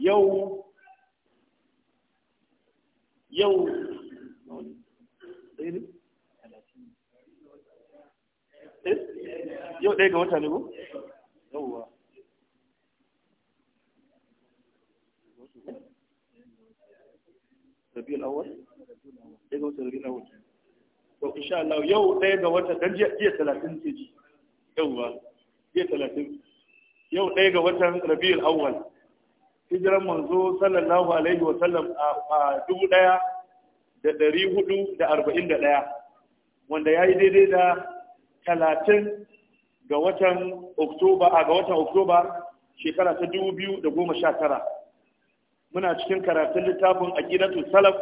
يو يو يو ديك هو تاني هو ربيع الاول ديك هو ربيع الاول تو ان شاء الله يو ديك هو تاني جي 30 تجي يو جي 30 يو ديك هو ربيع الاول hijiran manzo sallallahu alaihi wa sallam a dubu ɗaya da ɗari hudu da arba'in da ɗaya wanda ya yi daidai da talatin ga watan oktoba a ga watan oktoba shekara ta dubu biyu da goma sha tara muna cikin karatun littafin aqidatul salaf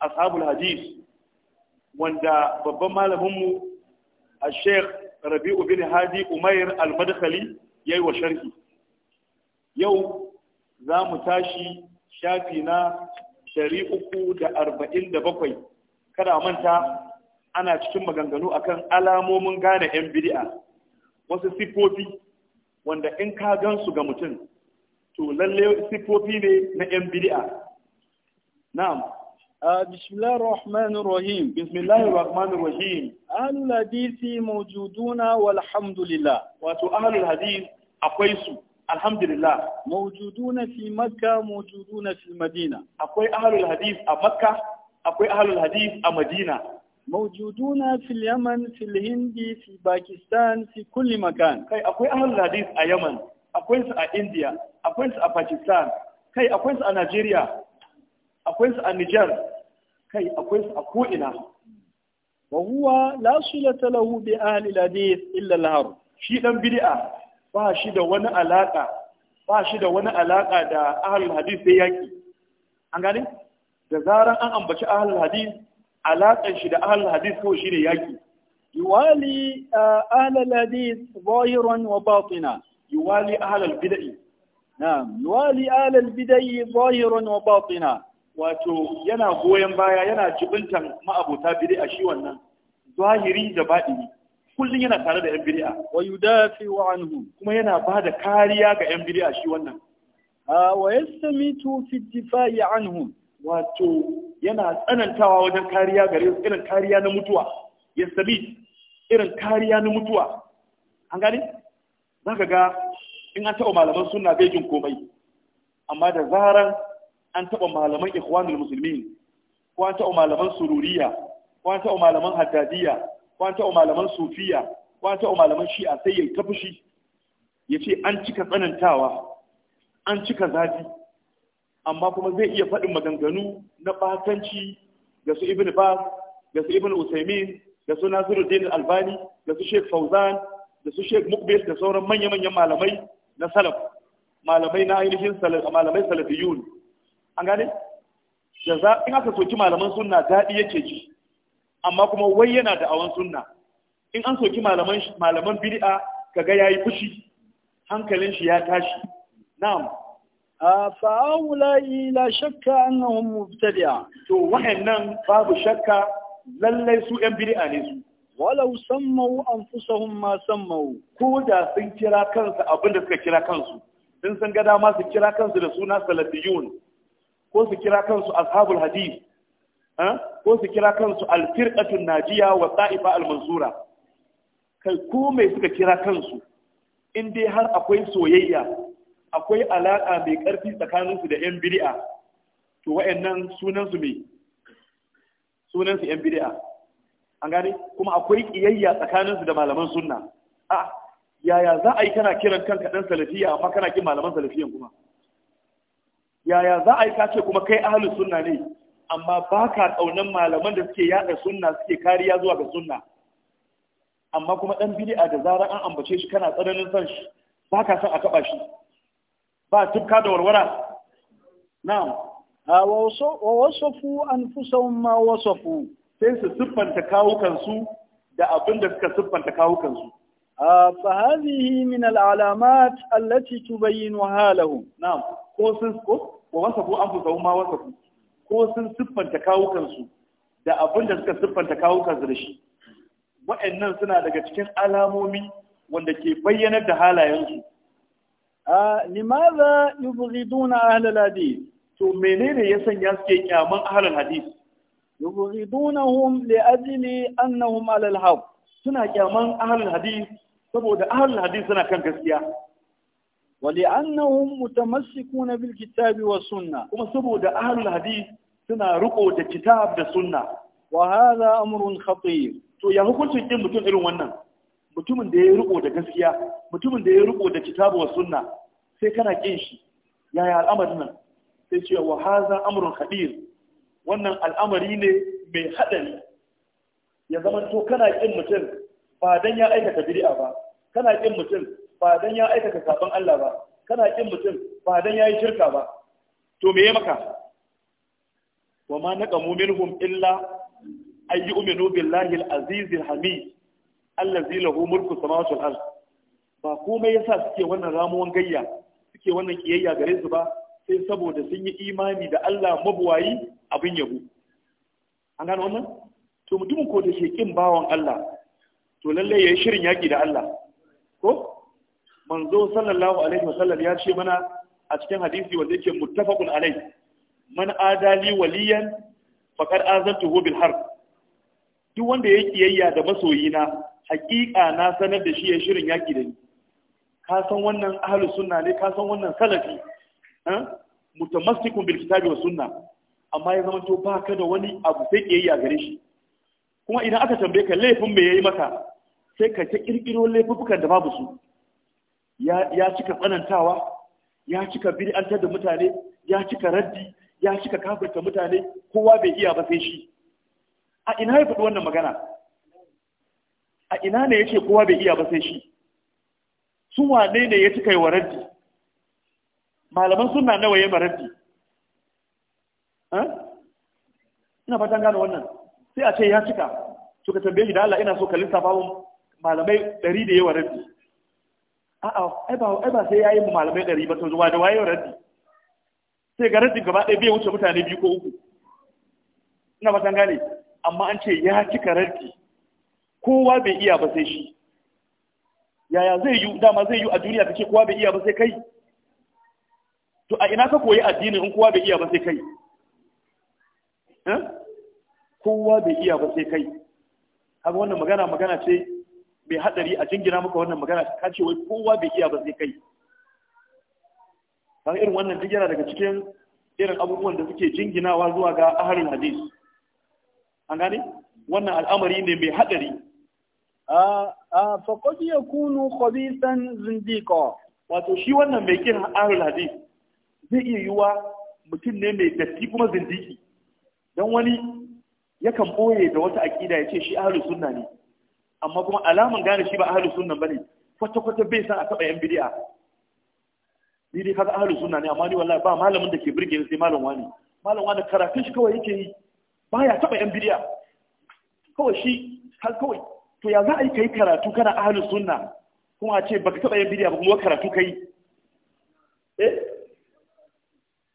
ashabul hadis wanda babban malaminmu a sheikh rabi'u bin hadi umair al ya yi wa sharhi yau za mu tashi shafi na uku da da arba'in bakwai, kada manta ana cikin maganganu akan alamomin gane 'yan bid'a wasu sifofi wanda in ka gan su ga mutum to lalle sifofi ne na 'yan bid'a na'am bismillah rahman rahim bismillah rahman rahim ahalul hadisi mawjuduna walhamdulillah wato ahlul hadisi akwai su alhamdulillah mawjuduna fi makka mawjuduna fi madina akwai ahlul hadith a makka akwai ahlul hadith a madina mawjuduna fil yaman fil hindi fi pakistan fi kulli makan kai akwai ahlul hadith a yaman akwai su a india akwai su a pakistan kai akwai su a nigeria akwai su a niger kai akwai su a ko'ina wa huwa la sulata lahu bi ahli hadith illa al-har shi dan bid'a ba shi da wani alaƙa ba shi da wani alaka da ahlul hadith sai yaki an gani? da zaran an ambaci ahlul Hadis, alakan shi da ahlul hadith kawai shine yaki yuwali uh, ahlul hadith zahiran wa batina yuwali ahlul bid'ah na'am yuwali ahlul bid'ah zahiran wa batina wato yana goyon baya yana jibintan ma'abuta bid'a shi wannan zahiri da baɗini kullum yana tare da yan bid'a wa wa anhu kuma yana ba da kariya ga yan bid'a shi wannan wa yastamitu fi difa'i anhum wato yana tsanantawa wajen kariya gare su irin kariya na mutuwa yastamit irin kariya na mutuwa an gane ka ga in an taɓa malaman suna bai komai amma da zaran an taɓa malaman ikhwanul Musulmi, ko an taɓa malaman sururiya ko an taɓa malaman haddadiya ko an taɓa malaman sufiya ko an taɓa malaman shi'a sai ya ta fushi ya ce an cika tsanantawa an cika zafi amma kuma zai iya faɗin maganganu na ɓatanci ga su ibn ba ga su ibn usaimin da su nasiruddin albani da su sheikh fauzan da su sheikh mukbil da sauran manya-manyan malamai na salaf malamai na ainihin malamai salafiyun an gane da za in aka soki malaman sunna daɗi yake ji amma kuma wai yana da awan sunna in an soki malaman malaman bid'a kaga yayi fushi hankalin shi ya tashi na'am aula na shakka annahum mubtadi'a to wa'annan babu shakka lallai su yan bid'a ne su walau sammau anfusahum ma sammu ko da sun kira kansu abinda suka kira kansu sun san gada ma su kira kansu da suna salafiyun ko su kira kansu ashabul hadith Eh? ko su kira kansu alfirqatun najiya wa Tsaifa almansura kai ko mai suka kira kansu in dai har akwai soyayya akwai alaka mai karfi tsakaninsu da yan bid'a to wa'annan sunan su mai sunan su yan bid'a an gane kuma akwai kiyayya tsakaninsu da malaman sunna a yaya za a yi kana kiran kanka dan salafiya amma kana kin malaman salafiyan kuma yaya za a yi kace kuma kai ahlus sunna ne amma ba ka ƙaunar malaman da suke yada sunna suke kariya zuwa ga sunna amma kuma ɗan bid'a da zarar an ambace shi kana tsananin son shi ba ka son a taɓa shi ba tufka da warwara na'am a wasafu an fi ma wasafu sai su siffanta kawukansu da abin da suka siffanta kawukansu فهذه من العلامات التي تبين حالهم نعم ko sun ko wa wasafu an fusahun ma wasafu ko sun siffanta kawukansu da abin da suka siffanta kawukansu da shi wa'annan suna daga cikin alamomi wanda ke bayyanar da halayensu A limaza yubghiduna ahlal hadith to menene ya sanya suke kyaman ahlal hadith yubghidunahum li'ajli annahum alal haqq suna kyaman ahlal hadith saboda ahlul hadith suna kan gaskiya ولأنهم متمسكون بالكتاب والسنة وسبو ده أهل الحديث سنا رقو ده كتاب ده سنة وهذا أمر خطير to ya hukuncin kin mutum irin wannan mutumin da ya riko da gaskiya mutumin da ya riko da kitabu wa sunna sai kana kin shi yaya al'amarin nan sai ce wa haza amrun khadir wannan al'amari ne mai hadari ya zama to kana kin mutum ba dan ya aikata bid'a ba kana kin mutum ba dan ya aikata sabon Allah ba kana kin mutum ba dan yayi shirka ba to me maka wa ma naqamu minhum illa ay yu'minu billahi al-aziz al-hamid allazi lahu mulku samawati wal ard ba komai yasa suke wannan ramuwan gayya suke wannan kiyayya gare su ba sai saboda sun yi imani da Allah mabuwayi abin yabo an gano wannan to mutumin ko da shekin bawan Allah to lalle yayi shirin yaki da Allah ko manzo sallallahu alaihi wasallam ya ce mana a cikin hadisi wanda yake muttafaqun alai man adali waliyan faqad azantuhu bil harb duk wanda ya kiyayya da masoyina hakika na sanar da shi ya shirin yaki da ni ka san wannan ahlus sunna ne ka san wannan salafi mutamassikun bil kitabi wa sunna amma ya zama to baka da wani abu sai kiyayya gare shi kuma idan aka tambaye ka laifin me yayi maka sai ka ta kirkiro laifukan da babu su ya cika tsanantawa ya cika bir'antar da mutane ya cika raddi ya cika kafirta mutane kowa bai iya ba sai shi a ina ya faɗi wannan magana a ina ne yake kowa bai iya ba sai shi su wane ne ya cika yi wa raddi malaman suna nawa ya maraddi ina fatan gano wannan sai a ce ya cika to ka tambaye shi da Allah ina so ka lissafa malamai ɗari da yawa raddi a'a ai ba sai yayi mu malamai ɗari ba to zuwa da wayo raddi sai ga raddin gaba ɗaya bai wuce mutane biyu ko uku ina ba san gane amma an ce ya cika raddi kowa bai iya ba sai shi yaya zai yi dama zai yi a duniya ce kowa bai iya ba sai kai to a ina ka koyi addini in kowa bai iya ba sai kai eh? kowa bai iya ba sai kai haka wannan magana magana ce mai hadari a jingina maka wannan magana ka ce wai kowa bai iya ba sai kai kan irin wannan duk yana daga cikin irin abubuwan da suke jinginawa zuwa ga ahalin hadis an gane wannan al'amari ne mai hadari a a fa qad yakunu khabisan zindiqa wato shi wannan mai kin ahalin hadis zai iya yiwa mutum ne mai datti kuma zindiki dan wani yakan boye da wata aƙida ya ce shi ahalin sunna ne amma kuma alamun gane shi ba ahalu sunna bane kwata kwata bai san a taba yan bidiya ni dai kaga ahalu sunna ne amma ni wallahi ba malamin da ke burge ni sai malam wani malam wani karatun shi kawai yake yi baya taba yan bidiya kawai shi har kawai to ya za a yi kai karatu kana ahalu sunna kuma a ce baka taba yan bidiya ba kuma karatu kai eh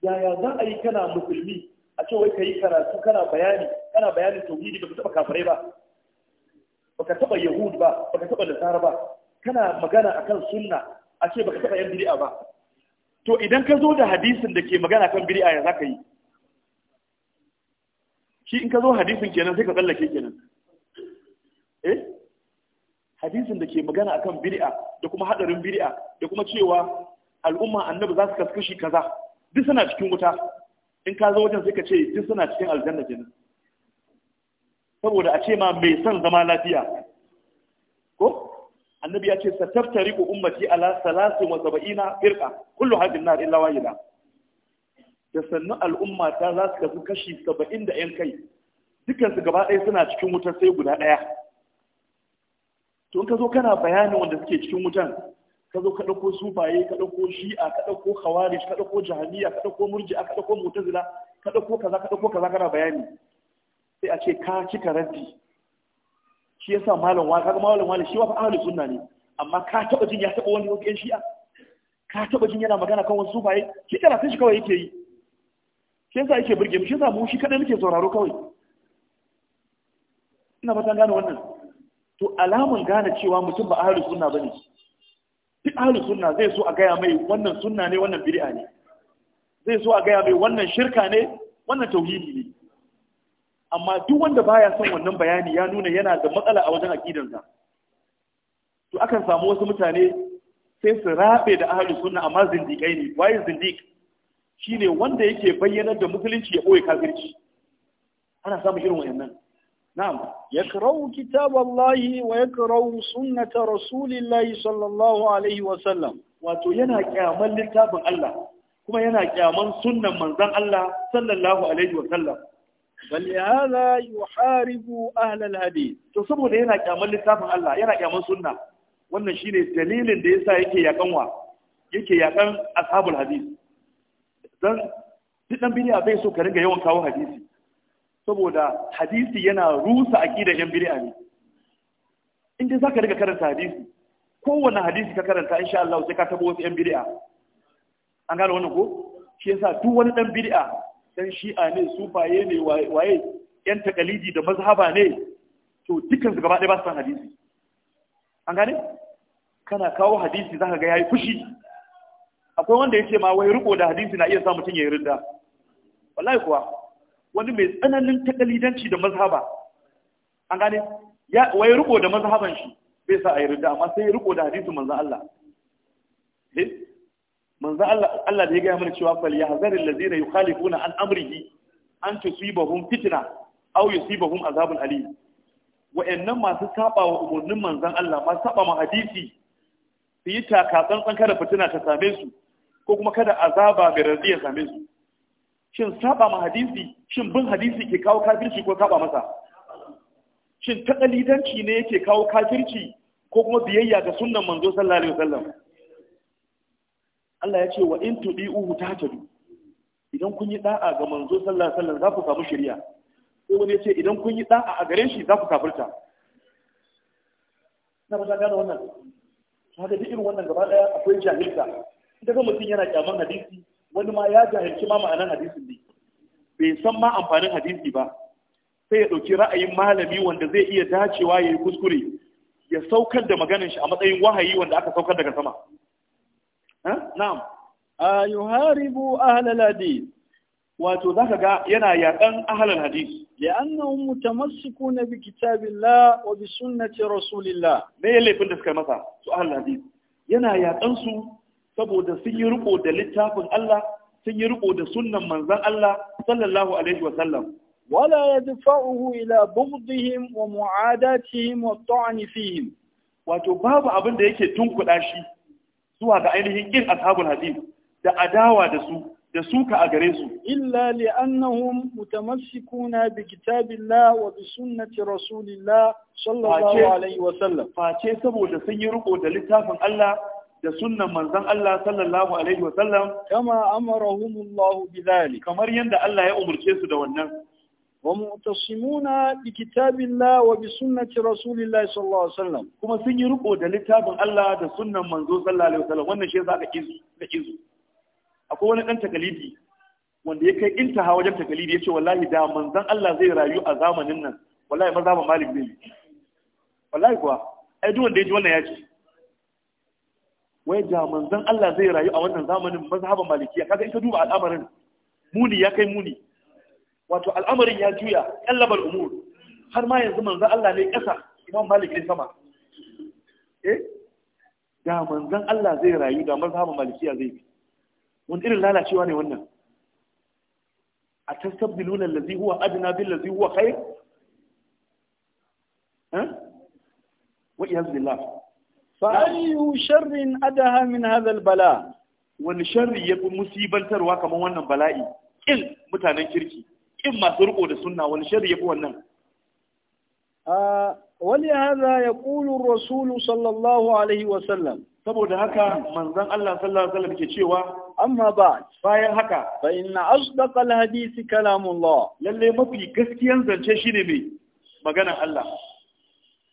yaya za a yi kana musulmi a ce wai ka yi karatu kana bayani kana bayanin tauhidi baka taba kafirai ba baka taba yahud ba baka taba nasara ba kana magana akan sunna a ce baka taba yan bid'a ba to idan ka zo da hadisin da ke magana kan bid'a ya zaka yi shi in ka zo hadisin kenan sai ka tsallake kenan eh hadisin da ke magana akan bid'a da kuma hadarin bid'a da kuma cewa al'umma annabi za su kaskashi kaza duk suna cikin wuta in ka zo wajen sai ka ce duk suna cikin aljanna kenan saboda a ce ma mai son zama lafiya ko annabi ya ce sataftari ku ummati ala salasin wa saba'ina firqa kullu hadin nar illa wahida da sannu al'umma ta za su kasu kashi saba'in da yan kai dukan su gaba ɗaya suna cikin wutar sai guda ɗaya to ka zo kana bayanin wanda suke cikin wutan ka zo ka ɗauko sufaye ka ɗauko shi'a ka ɗauko khawarij ka ɗauko jahiliya ka ɗauko murji'a ka ɗauko mu'tazila ka ɗauko kaza ka ɗauko kaza kana bayani sai a ce ka cika rabbi shi yasa malam wa kaga malam wani shi wa ahlus sunna ne amma ka taba jin ya taba wani wakilan shi'a ka taba jin yana magana kan wasu sufaye shi karatun shi kawai yake yi shi yasa yake burge mu shi yasa mu shi kadai muke sauraro kawai ina fatan gane wannan to alamun gane cewa mutum ba ahli sunna bane duk ahli sunna zai so a gaya mai wannan sunna ne wannan bid'a ne zai so a gaya mai wannan shirka ne wannan tauhidi ne amma duk wanda baya son wannan bayani ya nuna yana da matsala a wajen akidarsa to akan samu wasu mutane sai su rabe da ahli sunna amma zindikai ne waye zindik shine wanda yake bayyanar da musulunci ya boye kafirci ana samun irin wayannan na'am yakrau كتاب wa ويكره sunnata rasulillahi sallallahu alaihi wa sallam wato yana kyaman littafin Allah kuma yana kyaman sunnan manzon Allah sallallahu alaihi wa sallam فلهذا يحارب أهل الحديث saboda yana كامل littafin Allah, yana كامل sunna, wannan shine dalilin da yasa yake yakan wa yake yakan ashabul hadis dan dan bid'a bai so ka ringa yawan kawo hadisi saboda hadisi yana rusa aqidar yan bid'a ne in dai zaka ringa karanta hadisi kowanne hadisi ka karanta insha Allah sai ka tabo wasu yan bid'a an gano wannan ko shi yasa duk wani dan bid'a dan shi'a ne sufaye ne waye yan takalidi da mazhaba ne to dukkan su gaba ɗaya ba su san hadisi an gane kana kawo hadisi zaka ga yayi fushi akwai wanda yake ma wai riko da hadisi na iya sa mutum ya yi ridda wallahi kuwa wani mai tsananin takalidanci da mazhaba an gane ya wai riko da mazhaban shi bai sa a yi ridda amma sai riko da hadisin manzon Allah eh manzo Allah Allah da ya gaya mana cewa fal yahzaril ladina yukhalifuna an amrihi an tusibahum fitna aw yusibahum azabun alim wa'annan masu saba wa umurnin manzon Allah masu saba ma hadisi su yi takatsantsan kada fitina ta same su ko kuma kada azaba mai radiya same su shin saba ma hadisi shin bin hadisi ke kawo kafirci ko saba masa shin takalidanci ne yake kawo kafirci ko kuma biyayya ga sunnan manzo sallallahu alaihi wasallam Allah ya ce wa in tudi'uhu tahtadu idan kun yi da'a ga manzo sallallahu alaihi wasallam za ku samu shari'a ko wani ya ce idan kun yi da'a a gare shi za ku kafirta na ba ta gane wannan haka duk irin wannan gaba daya akwai jahilta idan ga mutum yana kyaman hadisi wani ma ya jahilci ma ma'anar hadisin ne bai san ma amfanin hadisi ba sai ya ɗauki ra'ayin malami wanda zai iya dacewa ya yi kuskure ya saukar da maganin shi a matsayin wahayi wanda aka saukar daga sama na'am yuharibu ahlal hadith wato za ka ga yana yakan ahlal ta li'annahum na bi kitabillah wa bi sunnati rasulillah me ya laifin da suka masa su ahlal hadith yana yakan su saboda sun yi riko da littafin Allah sun yi riko da sunnan manzon Allah sallallahu alaihi wa sallam ولا يدفعه إلى بغضهم ومعاداتهم والطعن فيهم wato babu abin da yake tunkuɗa shi zuwa ga ainihin ƙin ashabul hadith da adawa da su da suka a gare su illa li mutamassikuna bi kitabillah wa bi sunnati rasulillah sallallahu alaihi wa sallam face saboda sun yi riko da littafin Allah da sunnan manzon Allah sallallahu alaihi wa sallam kama amarahum Allah bi kamar yanda Allah ya umurce su da wannan ومعتصمون بكتاب الله وبسنة رسول الله صلى الله عليه وسلم كما سنجي رقو دا لتاب الله دا سنة منزول صلى الله عليه Wannan shi شيء ذاك إزو لإزو Akwai wani أنت takalidi. wanda ya kai intaha wajen takalidi ya ce wallahi da manzan Allah zai rayu a zamanin nan wallahi maza ma malik ne? wallahi kuwa ai duk wanda ya ji wannan ya ce wai da manzan Allah zai rayu a wannan zamanin mazhaban malikiya kaga in ka duba al'amarin muni ya kai muni wato al'amarin ya juya kallabar umur har ma yanzu manzan Allah ne ƙasa imam malik ne sama eh da manzan Allah zai rayu da mazhabin malikiya zai bi wani irin lalacewa ne wannan a tasabbiluna allazi huwa adna bil ladzi huwa khair eh wa iyaz billah fa ayu sharrin adaha min hadha al bala wani sharri yafi musibantarwa kamar wannan bala'i il mutanen kirki kin masu riko da sunna wani shari'a yafi wannan wani haza ya ƙulu rasulu sallallahu alaihi wasallam saboda haka manzan Allah sallallahu alaihi wasallam ke cewa amma ba bayan haka Ba fa inna asdaqal kalamun kalamullah lalle mafi gaskiyan zance shi ne mai maganar Allah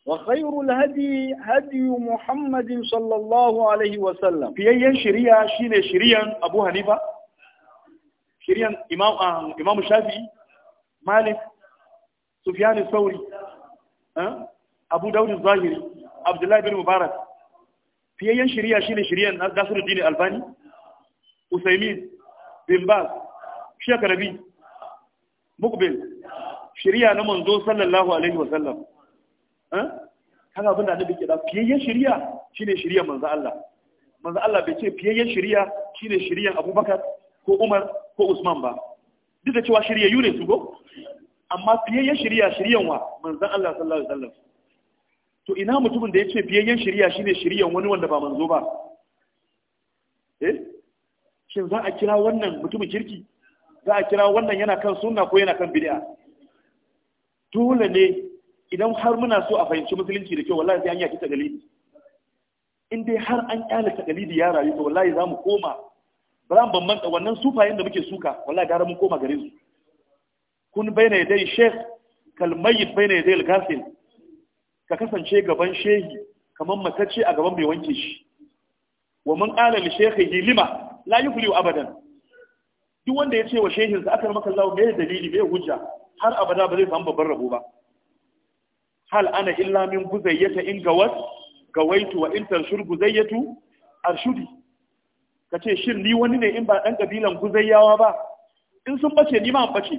وخير الهدي هدي محمد صلى الله عليه وسلم في أي شريعة شين شريعة أبو حنيفة shiryan imam ah, Shafi, malik Sufiyani sauri eh, abu daudin zahiri abdullahi bin mubarak fiyayyen shirya ne shiryan dini albani usaimin bin baz shekarabi mukbil shirya na manzo sallallahu alaihi wasallam eh, kan abin da annabi ke da fiyayyen shirya shine shirya manzo Allah manzo Allah bai ce fiyayyen shirya shine shiryan Abubakar ko Umar ko Usman ba duk da cewa shirye yune su go amma fiyayyen shirya shiryan wa manzon Allah sallallahu alaihi wasallam to ina mutumin da yace fiyayen shirya shine shiryan wani wanda ba manzo ba eh shin za a kira wannan mutumin kirki za a kira wannan yana kan sunna ko yana kan bid'a dole ne idan har muna so a fahimci musulunci da kyau wallahi sai an yaki tagalidi in dai har an kyale tagalidi ya rayu to wallahi za mu koma ba zan da wannan sufayen da muke suka wallahi gara mun koma gare su kun bayyana yadai sheikh kalmayyit bayyana yadai al-ghafil ka kasance gaban shehi kamar matacce a gaban bai wanke shi wa man qala li shaykhihi lima la yufli abadan duk wanda ya ce wa shehin sa akar maka Allah bai dalili bai hujja har abada ba zai samu babban rabo ba hal ana illa min guzayyata in gawat gawaitu wa in tashur guzayyatu arshudi ka ce shin ni wani ne in ba ɗan ƙabilan guzayyawa ba in sun bace ni ma an bace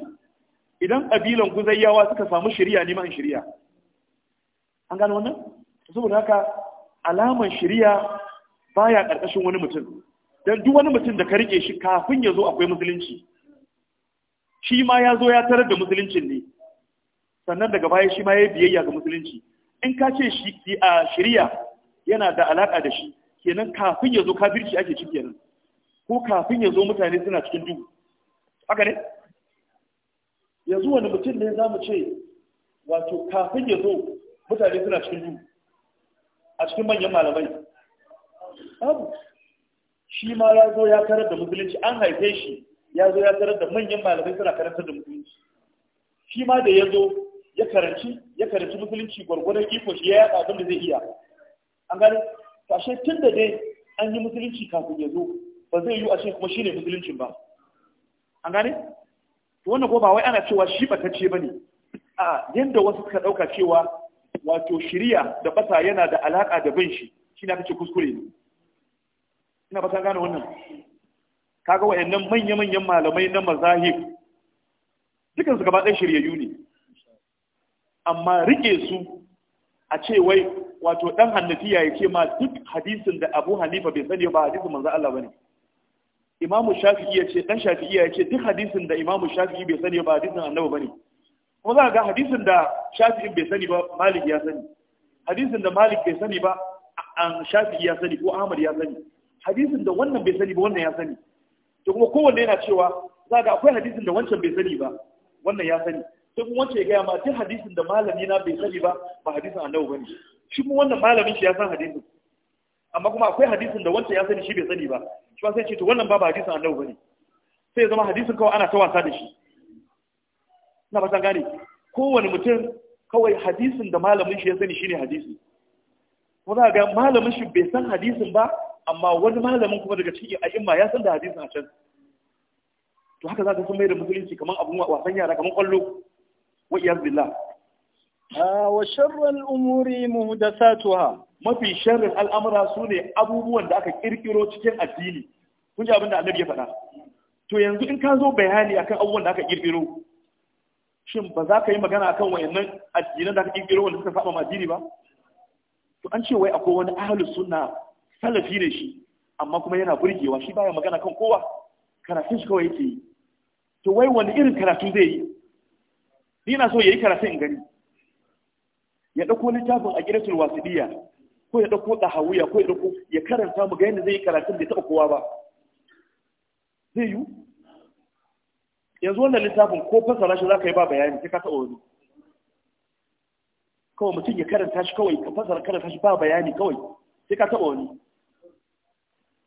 idan ƙabilan guzayyawa suka samu shirya ni ma an shirya an gano wannan saboda haka alaman shirya baya ƙarƙashin wani mutum dan duk wani mutum da ka rike shi kafin ya zo akwai musulunci shi ma ya zo ya tarar da musuluncin ne sannan daga baya shi ma ya biyayya ga musulunci in ka ce shi a shirya yana da alaka da shi kenan kafin ya zo kafirci ake ciki kenan ko kafin ya zo mutane suna cikin duhu haka ne yanzu wani mutum ne za mu ce wato kafin ya zo mutane suna cikin duhu a cikin manyan malamai abu shi ma ya zo ya karar da musulunci an haife shi ya zo ya karar da manyan malamai suna karantar da musulunci shi ma da ya zo ya karanci ya karanci musulunci gwargwadon iko shi ya yaɗa abin da zai iya an gane kashe tun da dai an yi musulunci kafin ya zo ba zai yi a ce kuma shi ne musuluncin ba an gane to wannan ko ba wai ana cewa shi batacce bane a yanda wasu suka ɗauka cewa wato shiriya da bata yana da alaka da bin shi shi aka ce kuskure ne ina ba ta gane wannan kaga wayannan manya-manyan malamai na mazahib dukansu gaba ɗaya shiryayyu ne amma rike su a ce wai wato ɗan hannafiya ya ce ma duk hadisin da abu hanifa bai sani ba hadisin manzo Allah bane imamu shafi'i ya ce dan shafi'i ya ce duk hadisin da imamu shafi'i bai sani ba hadisin annabi bane kuma za ga hadisin da shafi'i bai sani ba malik ya sani hadisin da malik bai sani ba an shafi'i ya sani ko ahmad ya sani hadisin da wannan bai sani ba wannan ya sani to kuma kowanne yana cewa za ga akwai hadisin da wancan bai sani ba wannan ya sani to kuma wancan ya gaya ma duk hadisin da malami na bai sani ba ba hadisin annabi bane shi kuma wannan malamin shi ya san hadisin amma kuma akwai hadisin da wancan ya sani shi bai sani ba shi ba sai ce to wannan babu hadisin annabi bane sai ya zama hadisin kawai ana ta wasa da shi ina san gane kowane mutum kawai hadisin da malamin shi ya sani shine hadisi ko za ga malamin shi bai san hadisin ba amma wani malamin kuma daga cikin a'imma ya san da hadisin a can to haka za ka san mai da musulunci kamar abun wasan yara kamar kwallo wa iyaz billah wa sharral umuri muhdathatuha mafi sharrin al'amura su ne abubuwan da aka kirkiro cikin addini kun ji abin da annabi ya faɗa to yanzu in ka zo bayani akan abubuwan da aka kirkiro shin ba za ka yi magana akan wayannan addinan da aka kirkiro wanda suka saba addini ba to an ce wai akwai wani ahlus sunna salafi ne shi amma kuma yana burgewa shi baya magana kan kowa karatun shi kawai yake yi to wai wani irin karatu zai yi ni na so yayi karatun in gani ya ɗauko littafin a gidatul wasiɗiya ko ya ɗauko ɗahawiya ko ya ɗauko ya karanta mu ga yadda zai yi karatun bai taɓa kowa ba zai yi yanzu wannan littafin ko fasara shi za ka yi ba bayani sai ka taɓa wani kawai mutum ya karanta shi kawai ka fassara karanta shi ba bayani kawai sai ka taɓa wani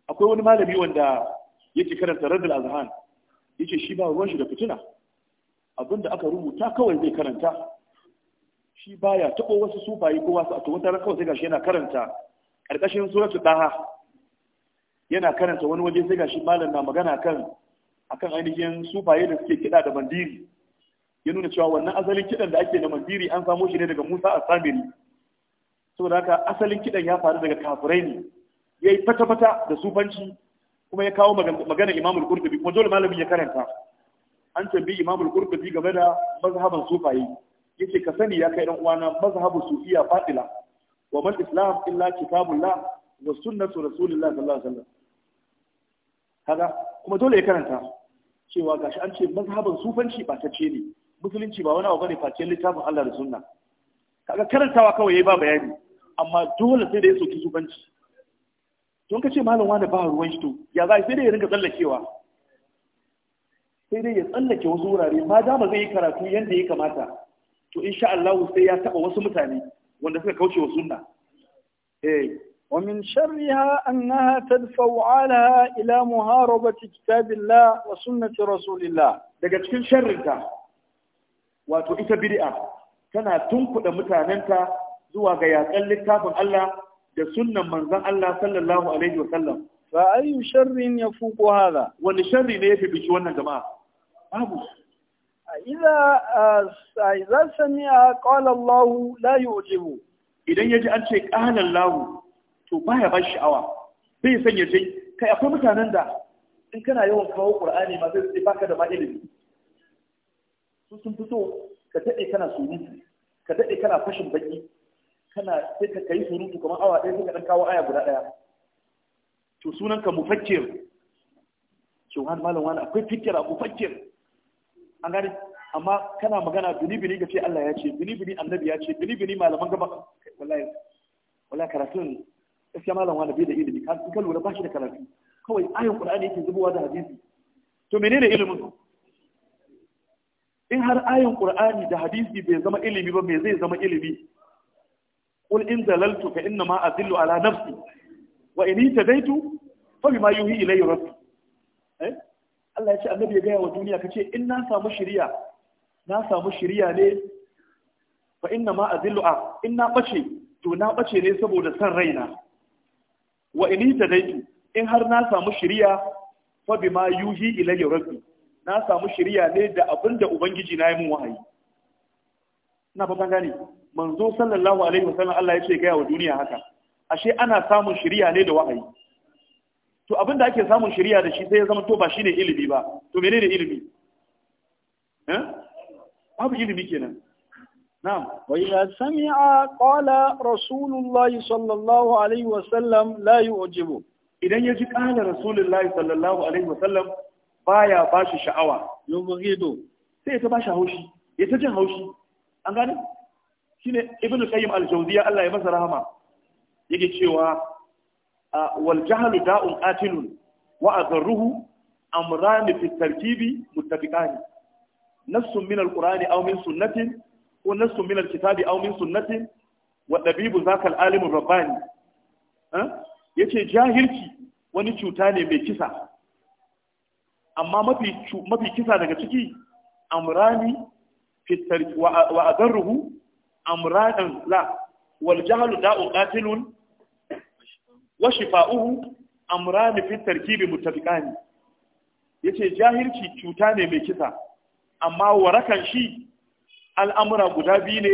akwai wani malami wanda yake karanta radul azhan yake shi ba ruwan shi da fitina abinda aka rubuta kawai zai karanta shi baya taɓo wasu sufayi ko wasu to wata kawai sai gashi yana karanta ƙarƙashin suratul daha yana karanta wani waje sai gashi malam na magana kan akan ainihin sufaye da suke kiɗa da bandiri ya nuna cewa wannan asalin kiɗan da ake na mandiri an samo shi ne daga Musa a Samiri. Saboda haka asalin kiɗan ya faru daga kafirai ne, ya yi fata-fata da sufanci kuma ya kawo magana Imamul Qurtubi kuma dole malamin ya karanta. An tambi Imamul Qurtubi game da mazhaban sufaye. yake ka sani ya kai dan uwana mazhabu sufiya fadila wa man islam illa kitabullah wa sunnatu rasulillah sallallahu alaihi wasallam kaga kuma dole ya karanta cewa gashi an ce mazhaban sufanci ba ta ce ne musulunci ba wani abu bane face littafin Allah da sunna kaga karantawa kawai yayi ba bayani amma dole sai da ya soki sufanci don ka ce malam wani ba ruwan shi to ya za sai dai ya rinka tsallakewa sai dai ya tsallake wasu wurare ma ba zai yi karatu yadda ya kamata to insha Allah sai ya taba wasu mutane wanda suka kauce wa sunna eh ومن شرها أنها تدفع على إلى ila كتاب الله wa رسول Rasulillah? daga cikin sharrinta wato ita bid'a tana tunkuda mutanenta zuwa ga yakan littafin Allah da sunnan manzon Allah sallallahu alaihi wasallam fa ayu sharrin yafuqu hadha wani sharri ne yafi biki wannan jama'a babu iza sami'a qala Allah la yu'jibu idan yaji an ce qala Allah to baya ba sha'awa sai sanya ce kai akwai mutanen da in kana yawan kawo ƙur'ani ma zai baka da ma ilimi su sun fito ka daɗe kana surutu ka daɗe kana fashin baki kana sai ka kai surutu kamar awa ɗaya sai ka ɗan kawo aya guda ɗaya to sunan ka mufakkir ce wani malam wani akwai fikira mufakkir an gane amma kana magana bini-bini ka ce Allah ya ce bini-bini annabi ya ce bini-bini malaman gaba wallahi wallahi karatun gaskiya malam wani bai da ilimi ka kan lura ba shi da karatu kawai ayin qur'ani yake zubowa da hadisi to menene ilimin in har ayin qur'ani da hadisi bai zama ilimi ba me zai zama ilimi qul in dalaltu fa inna ma adillu ala nafsi wa in tadaitu fa bima yuhi ilayya rabbi eh Allah ya ce annabi ya gaya wa duniya kace in na samu shiriya na samu shiriya ne fa inna ma azillu a in na bace to na bace ne saboda san raina wa in daitu in har na samu shiriya fa bima yuhi ila rabbi na samu shiriya ne da abinda ubangiji na yi min wahayi ina fatan gane manzo sallallahu alaihi wasallam Allah ya ce gaya wa duniya haka ashe ana samun shiriya ne da wahayi to abin da ake samun shiriya da shi sai ya zama to ba shi ne ilimi ba to mene ne ilimi eh? abu ilimi kenan na'am wa idza sami'a qala rasulullahi sallallahu alaihi wa sallam la yu'jibu idan yaji qala rasulullahi sallallahu alaihi wa sallam baya bashi sha'awa yubghidu sai ya ta bashi haushi ya ta jin haushi an gane shine ibnu qayyim al-jawziya Allah ya masa rahama yake cewa wal jahlu da'un qatilun wa azruhu amran fi tarkibi muttafiqan nassun min alqur'ani aw min sunnatin ko nassun min alkitabi aw min sunnatin wa dabibu zakal alim rabbani yace jahilci wani cuta ne mai kisa amma mafi kisa daga ciki amrani fi wa azruhu amran la wal jahlu da'un qatilun wa shifa'uhu amrani fi tarkibi muttafiqani yace jahilci cuta ne mai kisa amma warakan shi al'amura guda biyu ne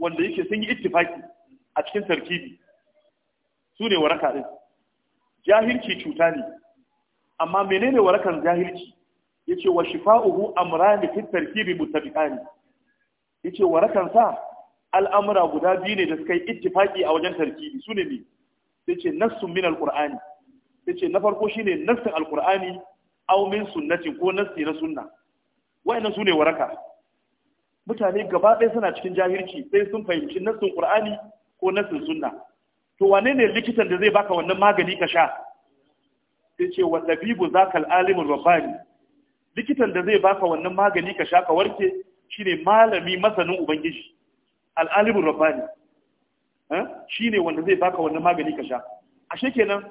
wanda yake sun yi ittifaki a cikin tarkibi su ne waraka din jahilci cuta ne amma menene warakan jahilci yace wa shifa'uhu amrani fi tarkibi muttafiqani yace warakan sa al'amura guda biyu ne da suka yi ittifaki a wajen tarkibi su ne biyu Yace ce min alqur'ani Yace na farko shine nassin alqur'ani aw min sunnati ko nassi na sunna wayannan sune waraka mutane gaba ɗaya suna cikin jahilci sai sun fahimci nassin qur'ani ko nassin sunna to wane ne likitan da zai baka wannan magani ka sha sai ce wa dabibu zakal alimul rabbani likitan da zai baka wannan magani ka sha ka warke shine malami masanin ubangiji al'alimin rabbani Eh? shi ne wanda zai baka wannan magani ka sha A kenan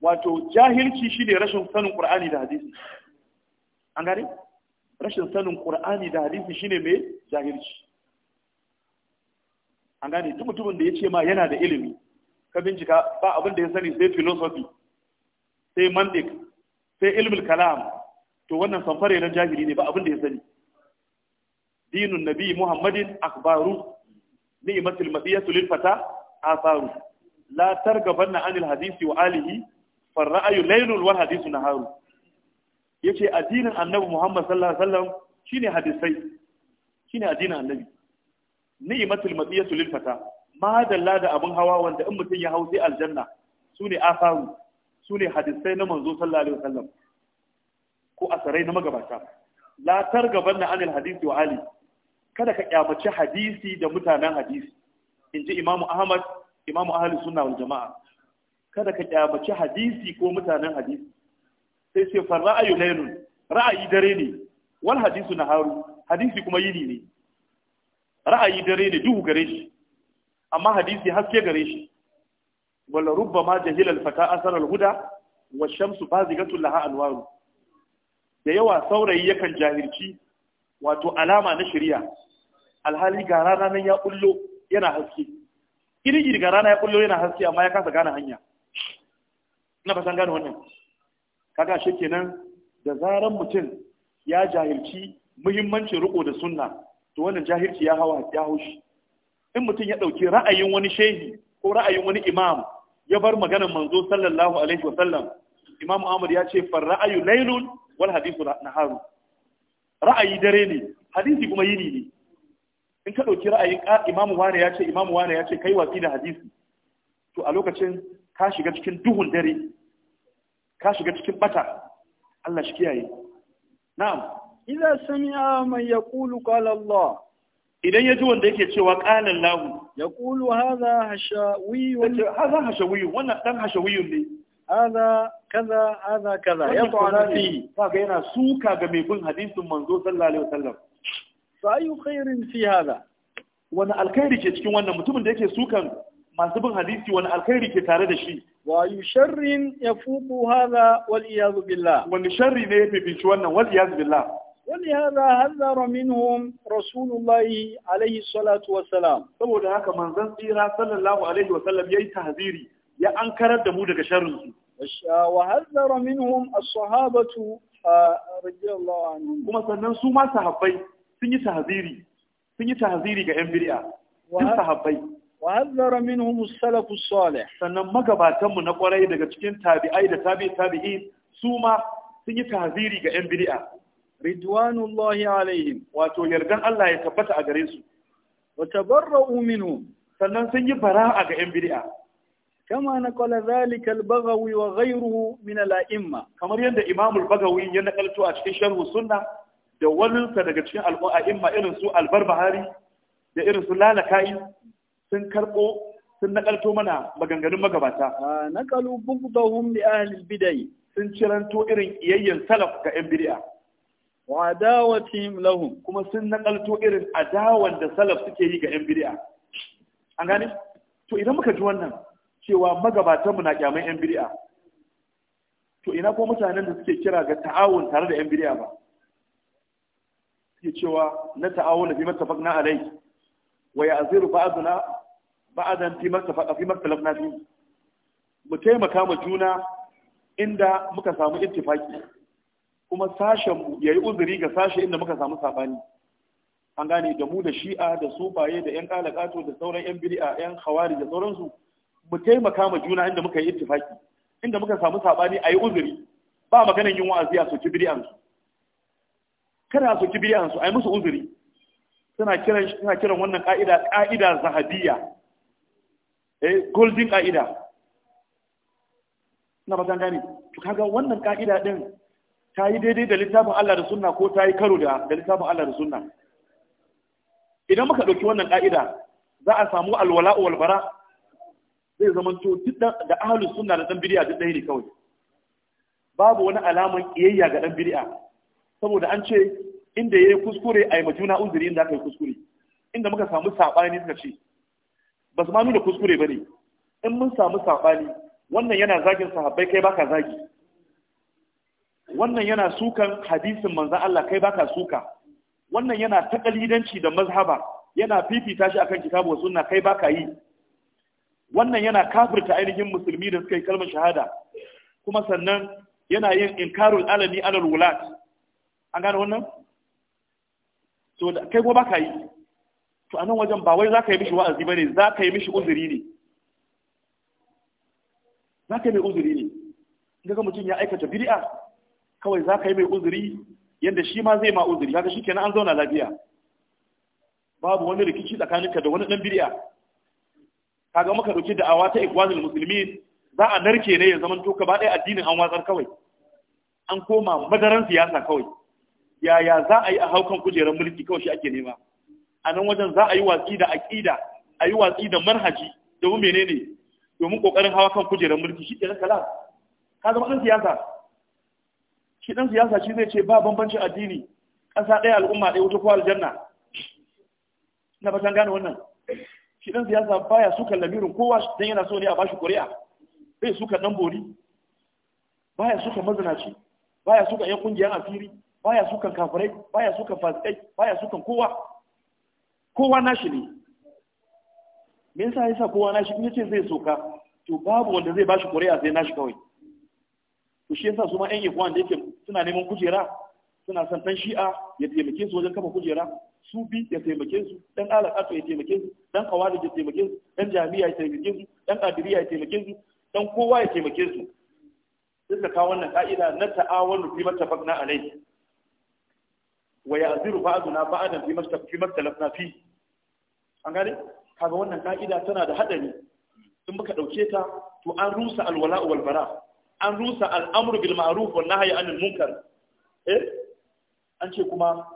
wato jahilci shi ne rashin sanin ƙur'ani da hadisi an gari rashin sanin ƙur'ani da hadisi shine mai jahilci an gane duk mutumin da ya ce ma yana da ilimi ka bincika ba abin da ya sani sai philosophy sai mandik sai ilimin kalam to wannan samfare na jahili ne ba abin da ya sani dinun nabi muhammadin akbaru ni'matul masiyatu lil fata atharu la targabanna anil hadisi wa alihi far ra'ayu laylun wal hadisu naharu yace addinin annabi Muhammad sallallahu alaihi wasallam shine hadisai shine addinin annabi ni'matul masiyatu fata ma da abun hawa wanda in mutum ya hau sai aljanna sune asaru sune hadisai na manzo sallallahu alaihi ko asarai na magabata anil hadisi wa alihi kada ka kyamaci hadisi da mutanen hadisi in ji imamu ahmad imamu ahli suna wani jama'a kada ka kyamaci hadisi ko mutanen hadisi sai ce fa ra'ayu laylun ra'ayi dare ne wal hadisu naharu hadisi kuma yini ne ra'ayi dare ne duhu gare shi amma hadisi haske gare shi wala rubbama ma al fata asar al huda wa shamsu bazigatul laha anwaru da yawa saurayi yakan jahilci wato alama na shari'a alhali ga rana nan ya kullo yana haske girgiri ga rana ya kullo yana haske amma ya kasa gane hanya ina fasan gane wannan kaga shi kenan da zaran mutum ya jahilci muhimmancin riko da sunna to wannan jahilci ya hawa ya haushi in mutum ya dauki ra'ayin wani shehi ko ra'ayin wani imam ya bar maganar manzo sallallahu alaihi wa sallam imam ahmad ya ce far ra'ayu laylun wal hadithu nahar ra'ayi dare ne hadisi kuma yini ne in ka ɗauki ra'ayin imamu wane ya ce imamu wane ya ce kai watsi da hadisi to a lokacin ka shiga cikin duhun dare ka shiga cikin bata Allah shi kiyaye na'am idza sami'a man yaqulu qala Allah idan ya ji wanda yake cewa qala Allah yaqulu hadha hashawi hadha hashawi wannan dan hashawi ne hadha kaza hadha kaza ya ta'ala fi kaga yana suka ga mai bin hadisin manzo sallallahu alaihi wasallam فأي خير في هذا وانا الخير كي تكون وانا متمن ديكي سوكا masu bin hadisi wani alkhairi ke tare da shi. Wa yi sharrin ya fuku haza wal iyazu billah. Wani sharri ne ya fifici wannan wal iyazu billah. Wani haza hanzara minhum Rasulullahi alaihi salatu wa salam. Saboda haka manzon tsira sallallahu alaihi wa sallam ya yi tahziri ya ankarar da mu daga sharrinsu. Wa hanzara minhum as-sahabatu ah, radiyallahu anhum. Kuma sannan su ma sahabbai sun yi tahziri sun yi tahziri ga yan bid'a sun sahabbai wa azzara minhum as-salaf as-salih sannan magabatan mu na kwarai daga cikin tabi'ai da tabi'i tabi'i su ma sun yi tahziri ga yan bid'a ridwanullahi alaihim wato yardan Allah ya tabbata a gare su wa tabarra'u minhum sannan sun yi bara'a ga yan bid'a كما نقل ذلك البغوي وغيره من الأئمة كما يند إمام البغوي ينقل تو أشكي شرح السنة da waninsa daga cikin al'umma irin su albarbahari da irin su lalaka'i sun karɓo sun nakalto mana maganganun magabata nakalu bughdahum li ahli bidai sun ciranto irin iyayyen salaf ga yan bid'a wa adawatihim lahum kuma sun nakalto irin adawan da salaf suke yi ga yan bid'a an gane to idan muka ji wannan cewa magabatanmu na kyaman yan bid'a to ina ko mutanen da suke kira ga ta'awun tare da yan bid'a ba ke cewa na ta'awuna fi mattafaqna alai wa ya'ziru ba'duna ba'dan fi mattafaqa fi lafna fi mu taimaka ma juna inda muka samu ittifaki kuma sashen mu yayi uzuri ga sashe inda muka samu sabani an gane da mu da shi'a da sufaye da yan kalakato da sauran yan bid'a yan khawari da sauransu mu taimaka ma juna inda muka yi ittifaki inda muka samu sabani ayi uzuri ba maganan yin wa'azi a soki bid'an su kada su ki biyansu, su ai musu uzuri suna kiran suna kiran wannan ka'ida ka'ida zahabiyya eh golden ka'ida na bazan gani to kaga wannan ka'ida din ta yi daidai da littafin Allah da sunna ko ta yi karo da littafin Allah da sunna idan muka ɗauki wannan ka'ida za a samu alwala'u bara zai to duk da ahlus sunna da dan bid'a duk ɗaya ne kawai babu wani alaman kiyayya ga dan bid'a saboda an ce inda ya yi kuskure a yi juna uzuri inda aka yi kuskure inda muka samu saɓani suka ce ba su ma nuna kuskure ba ne. in mun samu saɓani, wannan yana zagin sahabbai kai baka zagi wannan yana sukan hadisin manzan Allah kai baka suka wannan yana taƙalidanci da mazhaba yana fifita shi akan kitabu wa sunna kai baka yi wannan yana kafirta ainihin musulmi da suka yi kalmar shahada kuma sannan yana yin inkarul alani alal wulat an gane wannan to kai gobe baka yi to anan wajen ba wai zaka yi mishi wa'azi bane zaka yi mishi uzuri ne zaka yi mai uzuri ne in mutum ya aikata bid'a kawai zaka yi mai uzuri yadda shi ma zai ma uzuri kaga kenan an zauna lafiya babu wani rikici tsakaninka da wani dan bid'a kaga muka dauki awa ta ikwazul muslimin za a narke ne ya zaman to ba ɗaya addinin an watsar kawai an koma madaran siyasa kawai yaya za a yi a haukan kujerar mulki kawai shi ake nema a nan wajen za a yi watsi da aƙida a yi watsi da manhaji domin menene domin kokarin hawa kan kujerar mulki shi ke kala ka zama ɗan siyasa shi ɗan siyasa shi zai ce ba bambancin addini ƙasa ɗaya al'umma ɗaya wuta ko aljanna na fatan gane wannan shi ɗan siyasa baya sukan lamirin kowa dan yana so ne a bashi ƙuri'a zai sukan ɗan bori baya sukan mazinaci baya sukan yan ƙungiyar asiri baya sukan kafirai baya sukan fasikai baya sukan kowa kowa nashi ne me yasa yasa kowa nashi in yace zai soka to babu wanda zai bashi kuri'a sai nashi kawai to shi yasa su ma ɗan ikwan da yake suna neman kujera suna son dan shi'a ya taimake su wajen kafa kujera su bi ya taimake su dan alaƙato ya taimake su dan kawali ya taimake su dan jami'a ya taimake su dan kadiriya ya taimake su dan kowa ya taimake su duk da kawo wannan ka'ida na ta'awunu fi mattafaqna alayhi wa ya'ziru ba'duna ba'dan fi mastafi mastalafna fi an gane kaga wannan ka'ida tana da haɗari. in muka ɗauke ta to an rusa alwala wal bara an rusa Al'amur bil ma'ruf wan nahyi anil munkar eh an ce kuma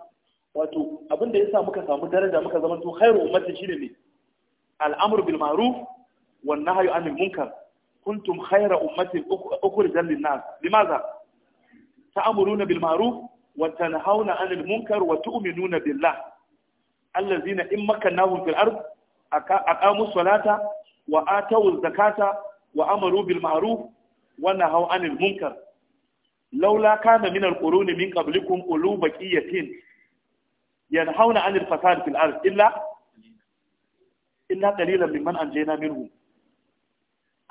wato abinda yasa muka samu daraja muka zama to khairu ummatin shine ne al'amru bil ma'ruf wan nahyi anil munkar kuntum khayra ummatin ukhrijat lin nas limaza ta'muruna bil ma'ruf وتنهون عن المنكر وتؤمنون بالله الذين إن مكناهم في الأرض أقاموا الصلاة وآتوا الزكاة وأمروا بالمعروف ونهوا عن المنكر لولا كان من القرون من قبلكم أولو بقية ينهون عن الفساد في الأرض إلا إلا قليلا ممن أنجينا منهم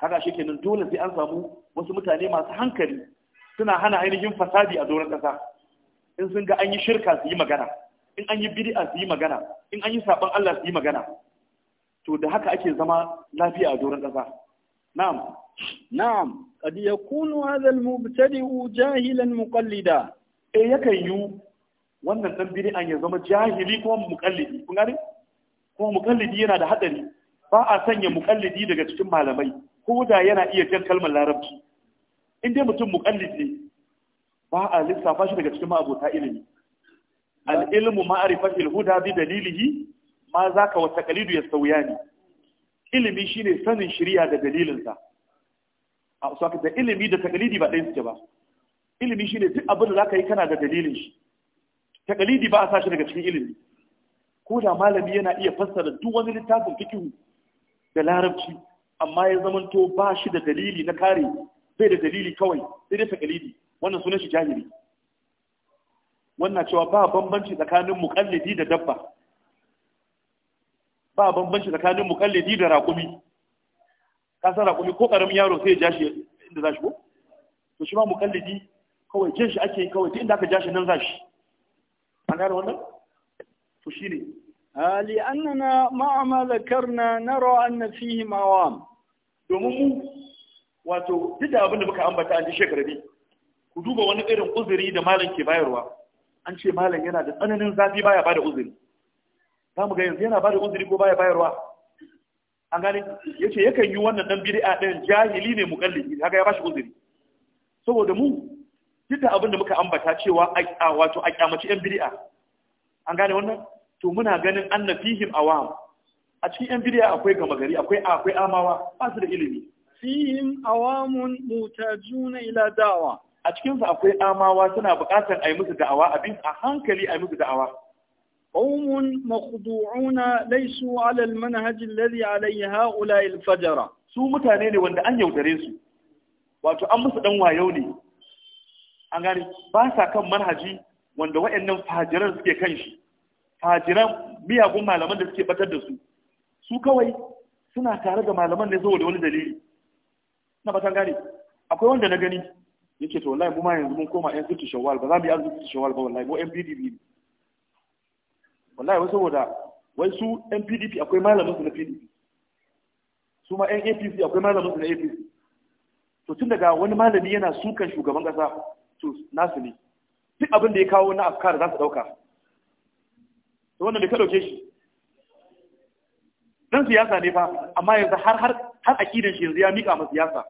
kaga shi kenan dole sai an samu wasu mutane masu hankali suna hana ainihin fasadi a doron ƙasa in sun ga an yi shirka su yi magana in an yi bid'a su yi magana in an yi saban Allah su yi magana to da haka ake zama lafiya a doron kasa. na'am na'am qad yakunu hadha al-mubtadi'u jahilan muqallida eh yakan yi wannan dan bid'a ya zama jahili ko muqallidi kun gane ko muqallidi yana da hadari ba a sanya muqallidi daga cikin malamai ko da yana iya jan kalmar larabci in dai mutum muqallidi ba a lissafa shi daga cikin ma'abota ilimi al'ilmu ma'arifatil huda bi dalilihi ma za ka wata kalidu ya sauya ne ilimi shine sanin shirya da dalilinsa a usaka da ilimi da takalidi ba ɗaya suke ba ilimi shine duk abin da za ka yi kana da dalilin shi takalidi ba a sa shi daga cikin ilimi ko da malami yana iya fassara duk wani littafin fikihu da larabci amma ya zamanto ba shi da dalili na kare bai da dalili kawai sai dai takalidi wannan sunan shi jahili wannan cewa ba bambanci tsakanin mukallidi da dabba ba bambanci tsakanin mukallidi da raƙumi ka san raƙumi ko ƙaramin yaro sai ya ja shi inda za shi ko to shi ma mukallidi kawai jin shi ake kawai duk inda aka ja shi nan za shi an gane wannan to shi ne Ali annana مع ما na, naro أن فيه موام domin mu wato duk da abin da muka ambata an ji shekara biyu. ku duba wani irin uzuri da malam ke bayarwa an ce malam yana da tsananin zafi baya bada uzuri za mu ga yanzu yana bada uzuri ko baya bayarwa an gane ya ce yakan yi wannan dan bid'a ɗin jahili ne ne haka ya bashi uzuri saboda mu duk abin da muka ambata cewa a wato a kyamaci yan bid'a an gane wannan to muna ganin an nafihim awam a cikin yan bid'a akwai gama gari akwai akwai amawa ba su da ilimi fihim awamun mutajuna ila da'wa a cikinsu akwai amawa suna buƙatar a yi musu da'awa abin a hankali a yi musu da'awa qaumun makhdu'una laysu 'ala al-manhaj alladhi 'alayhi ha'ula'i al-fajara su mutane ne wanda an yaudare su wato an musu dan wayo ne an gani. ba sa kan manhaji wanda waɗannan fajiran suke kan shi fajiran miyagun malaman da suke batar da su su kawai suna tare da malaman ne saboda wani dalili na batan gane akwai wanda na gani yace to wallahi mu ma yanzu mun koma yan sitti shawwal ba za mu yi azumin sitti shawwal ba wallahi mu NPDP PDP ne wallahi wasu saboda wai su NPDP PDP akwai malamin su na PDP su ma yan APC akwai malamin su na APC to tun daga wani malami yana sukan shugaban kasa to nasu ne duk abin da ya kawo na afkar za su dauka to wannan bai ka dauke shi dan siyasa ne fa amma yanzu har har har akidan shi yanzu ya mika masa siyasa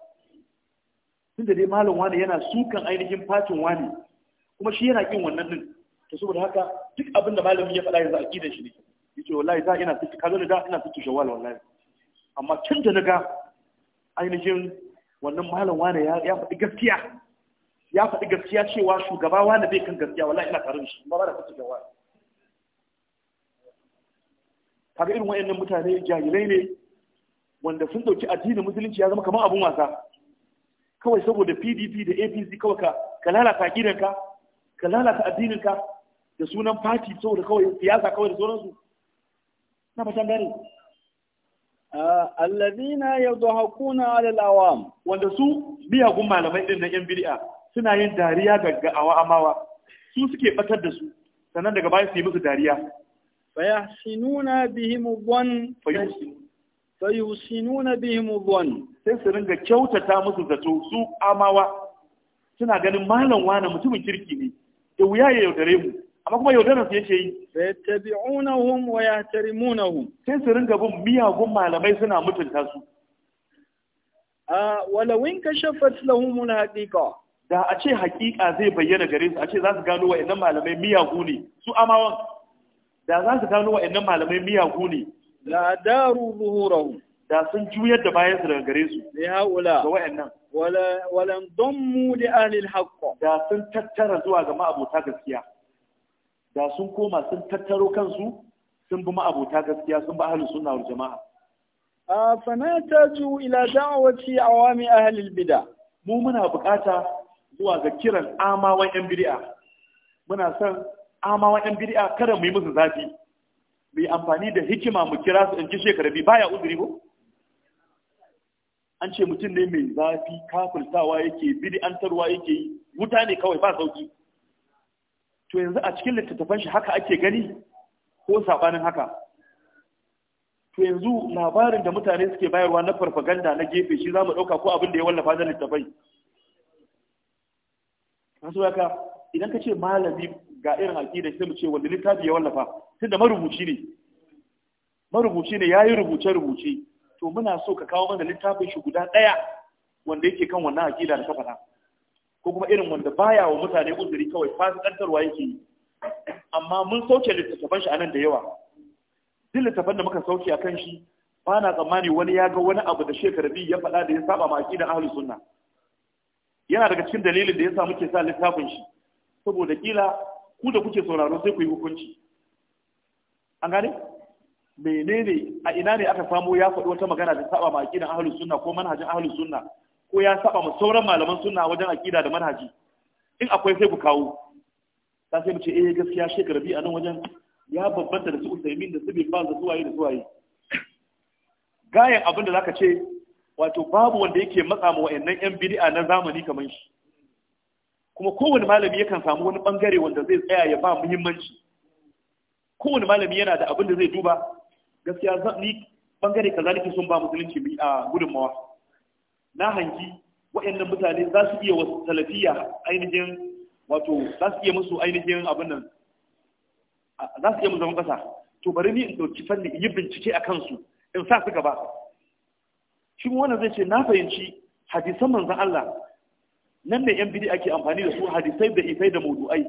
tun da dai malam wani yana sukan ainihin fatin wani kuma shi yana kin wannan din to saboda haka duk abin da malamin ya faɗa yanzu a kidan shi ne yace wallahi za ina fiki kaga da ina fiki shawal wallahi amma tun da naga ainihin wannan malam wani ya ya faɗi gaskiya ya faɗi gaskiya cewa shugaba wani bai kan gaskiya wallahi ina tare da shi ba da fiki shawwal kaga irin wayannan mutane jahilai ne wanda sun dauki addinin musulunci ya zama kamar abun wasa kawai saboda pdp da apc kawai ka ka lalata gidanka ka lalata addininka da sunan fati saboda kawai siyasa kawai da sauransu na fatan gare allazina yadhakuna ala alawam wanda su miyagun malamai din na yan bid'a suna yin dariya ga awamawa su suke batar da su sannan daga baya su yi musu dariya fayahsinuna bihim dhann fayahsinuna fayusinuna bihim dhann sai su ringa kyautata musu zato su amawa suna ganin malam wani mutumin kirki ne da wuya ya yaudare mu amma kuma yaudaran su yake yi fayattabi'unahum wa yahtarimunahum sai su ringa bin miyagun malamai suna mutunta su A walau in kashafat lahum alhaqiqa da a ce haƙiƙa zai bayyana gare su a ce za su gano wa'annan malamai miyagu ne su amawan da za su gano wa'annan malamai miyagu ne la daru zuhurahum da sun juyar da bayansu daga gare su ne haula ga wayannan wala walan dammu li ahli alhaqq da sun tattara zuwa ga ma'abota gaskiya da sun koma sun tattaro kansu sun bi ma'abota gaskiya sun bi ahli sunna wal jama'a a fana taju ila da'wati awami ahli albid'a mu muna bukata zuwa ga kiran amawan yan bid'a muna son amawan yan bid'a kada mu yi musu zafi mai amfani da hikima mu kira su in ci shekara bi baya uzuri ko an ce mutum ne mai zafi kafultawa yake bid'antarwa yake yi wuta ne kawai ba sauki to yanzu a cikin littattafan shi haka ake gani ko sabanin haka to yanzu labarin da mutane suke bayarwa na farfaganda na gefe shi za mu ɗauka ko abin da ya wallafa da littattafai masu yaka idan ka ce malami ga irin aƙidar sai mu ce wanda littafi ya wallafa tunda marubuci ne marubuci ne yayi rubuce rubuce to muna so ka kawo mana littafin shi guda ɗaya wanda yake kan wannan aƙida da ka faɗa ko kuma irin wanda baya wa mutane uzuri kawai fasikantarwa yake yi amma mun sauke littattafan shi a nan da yawa duk littattafan da muka sauke a kan shi ba na tsammani wani ya ga wani abu da shekarabi ya faɗa da ya saba ma aƙidan ahli sunna yana daga cikin dalilin da ya muke sa littafin shi saboda kila ku da kuke sauraro sai ku yi hukunci an gane menene a ina ne aka samo ya faɗi wata magana da saba ma aqidan ahlus sunna ko manhajin ahlus sunna ko ya saba ma sauran malaman sunna wajen aqida da manhaji in akwai sai ku kawo ta sai mu ce eh gaskiya shekar rabi a nan wajen ya babbanta da su usaimin da su bin da su da suwaye gayan abin da zaka ce wato babu wanda yake matsa ma wa'annan yan bid'a na zamani kamar shi kuma kowane malami yakan samu wani bangare wanda zai tsaya ya ba muhimmanci kowane malami yana da abin da zai duba gaskiya ni bangare kaza nake sun ba musulunci a gudunmawa na hangi waɗannan mutane za su iya wasu salafiya ainihin wato za su iya musu ainihin abin nan za su iya musu zama ƙasa to bari ni in ɗauki fanni in yi bincike a kansu in sa su gaba shi wannan zai ce na fahimci hadisan manzan Allah nan ne yan bidi ake amfani da su hadisai da ifai da mawdu'ai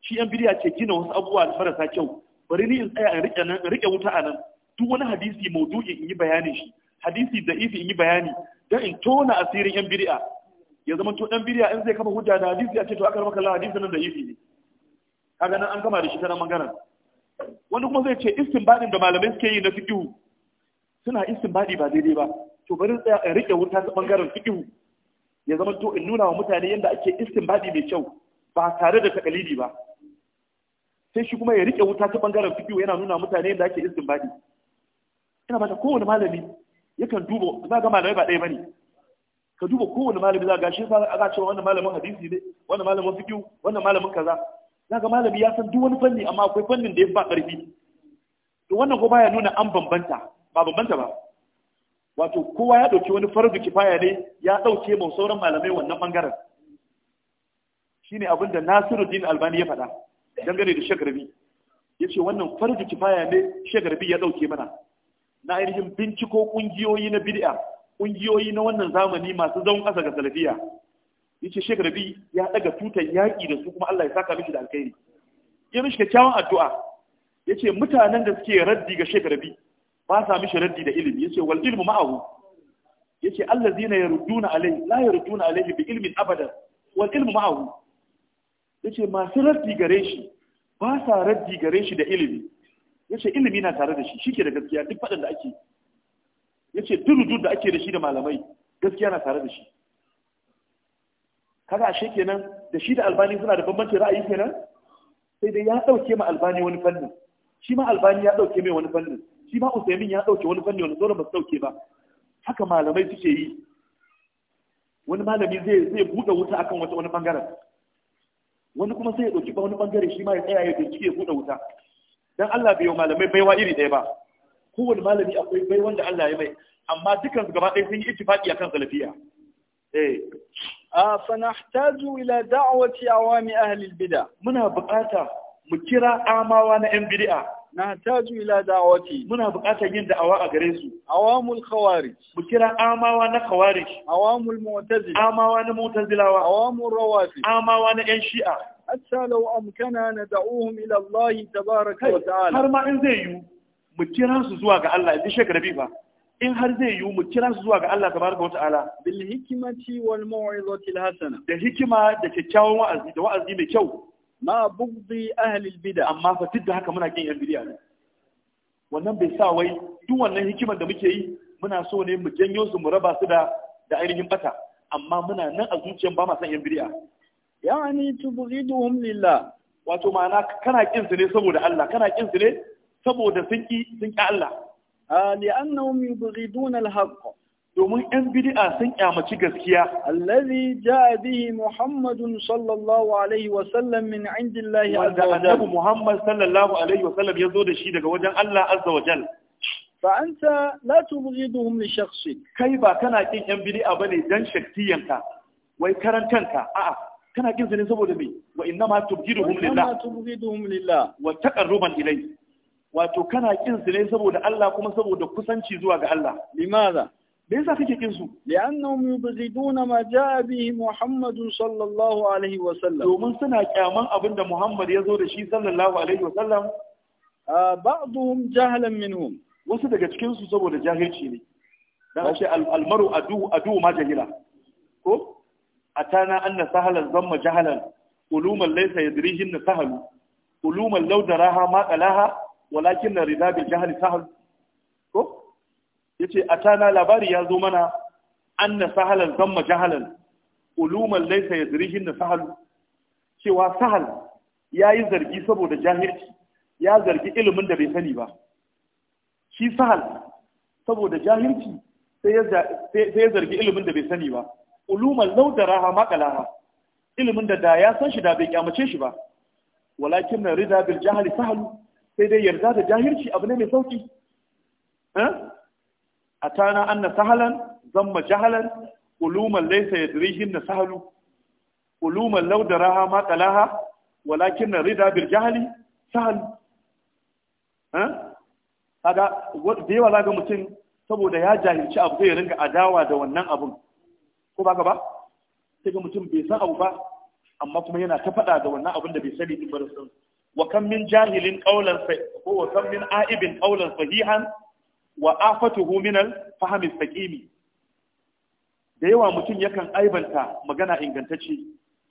shi yan bidi ce gina wasu abubuwa marasa kyau bari ni in tsaya in rike nan rike wuta anan duk wani hadisi mawdu'i in yi bayani shi hadisi da ifi in yi bayani dan in tona asirin yan bidi'a ya zama to dan bidi'a in zai kafa hujja da hadisi a ce to aka maka la hadisi nan da ifi ne kaga nan an gama da shi ta magana wani kuma zai ce istinbadin da malamai suke yi na fiqh suna istinbadi ba daidai ba to bari tsaya in rike wuta ta bangaren fiqh ya zama to in nuna wa mutane yadda ake istinbadi mai kyau ba tare da takalidi ba sai shi kuma ya rike wuta ta bangaren fikiyo yana nuna mutane yadda ake istinbadi ina ba ta kowane malami yakan duba za ga malamai ba ɗaya bane ka duba kowane malami za ga shi za a cewa wannan malamin hadisi ne wannan malamin fikiyo wannan malamin kaza za ga malami ya san duk wani fanni amma akwai fannin da ya fi ba ƙarfi to wannan ko baya nuna an bambanta ba bambanta ba wato kowa ya ɗauki wani farzu kifaya ne ya ɗauke mu sauran malamai wannan bangaren ne abinda nasiru Nasiruddin Albani ya faɗa dangane da Shagarbi ce wannan farzu kifaya ne Shagarbi ya ɗauke mana na ainihin binciko ƙungiyoyi na bid'a ƙungiyoyi na wannan zamani masu zaun ƙasa ga salafiya Ya ce Shagarbi ya ɗaga tutar yaƙi da su kuma Allah ya saka mishi da alkhairi ya mishi kyakkyawan addu'a yace mutanen da suke raddi ga Shagarbi ba sa mishi raddi da ilimi yace wal ilmu ma'ahu yace allazina yarduna alai la yarduna alai bi ilmin abada. wal ilmu ma'ahu yace masu raddi gare shi ba sa raddi gare shi da ilimi yace ilimi na tare da shi shike da gaskiya duk fadan da ake yace durudun da ake da shi da malamai gaskiya na tare da shi kaga ashe kenan da shi da albani suna da bambancin ra'ayi kenan sai dai ya dauke ma albani wani fannin shi ma albani ya dauke mai wani fannin shi ma usaimin ya dauke wani fanni wani sauran ba su dauke ba haka malamai suke yi wani malami zai zai bude wuta akan wata wani bangaren wani kuma sai ya dauki wani bangare shi ma ya tsaya ya bincike ya bude wuta dan Allah bai yi malamai baiwa iri ɗaya ba kowane malami akwai bai wanda Allah ya mai amma dukan su gaba ɗaya sun yi ittifaqi akan salafiya eh fa nahtaju ila da'wati awami ahli albida muna buƙata mu kira amawa na yan bid'a na taju ila da'awati muna buƙatar yin da'awa a gare su awamul khawarij mu kira amawa na khawarij awamul mu'tazil amawa na mu'tazilawa awamul rawafi amawa na ƴan shi'a hatta law amkana nad'uhum ila Allah tabaaraka wa ta'ala har ma in zai yi mu kira su zuwa ga Allah in bi shekarabi ba in har zai yiwu mu kira su zuwa ga Allah tabaraka wata'ala bil hikmati wal mau'izati al hasana da hikima da kyakkyawan wa'azi da wa'azi mai kyau ma bugdi ahlil bid'a amma fa duk da haka muna kin yan bid'a ne wannan bai sa wai duk wannan hikimar da muke yi muna so ne mu janyo su mu raba su da da ainihin bata amma muna nan a zuciyar ba ma san yan bid'a yani tubghiduhum lillah wato ma'ana kana kin su ne saboda Allah kana kin su ne saboda sun ki sun ki Allah ah, li'annahum yubghiduna al-haqq domin ‘yan bid'a sun kyamaci gaskiya. Allazi ja bihi Muhammadun sallallahu alaihi wa sallam min indillahi azza wa jal. Muhammad sallallahu alaihi wa ya zo da shi daga wajen Allah azza wa jal. Fa anta la tubghiduhum li shakhsik. Kai ba kana kin ‘yan bid'a bane dan shaktiyanka wai karantanka a'a kana kin su ne saboda me wa inna ma tubghiduhum lillah. Wa tubghiduhum lillah. Wa taqarruban ilayhi. Wato kana kin su ne saboda Allah kuma saboda kusanci zuwa ga Allah. Limaza? me yasa kake kin su li'annahum yubghiduna ma ja'a bihi Muhammad sallallahu alaihi wa sallam domin suna kyaman abin da Muhammad ya zo da shi sallallahu alaihi wa sallam ba'dhum jahlan minhum wasu daga cikin su saboda jahilci ne dan ashe almaru adu adu ma jahila ko atana anna sahalan zamma jahalan uluman laysa yadrihin sahalu uluman law daraha ma qalaha walakin rida bil jahli sahal ko yace tana labari ya zo mana anna sahalan zamma jahalan uluman laysa yadrihin na sahalu cewa sahal yayi zargi saboda jahilci ya zargi ilimin da bai sani ba shi sahal saboda jahilci sai ya zargi ilimin da bai sani ba uluman laudaraha makalaha ilimin da da ya san shi da bai kyamace shi ba walakin na rida bil jahali sahalu sai dai yarda da jahilci abu ne mai sauki A atana anna sahalan zamma jahalan uluman laysa yadrihin na sahalu uluman laudaraha ma talaha walakin rida bil jahali, sahal ha kaga da yawa ga mutum saboda ya jahilci abu zai ringa adawa da wannan abun ko ba ba sai ga mutum bai san abu ba amma kuma yana ta faɗa da wannan abun da bai sani din ba da wa kan min jahilin qawlan fa ko wa kan min aibin qawlan fahihan wa afatuhu min al al-saqimi da yawa mutum yakan aibanta magana ingantacce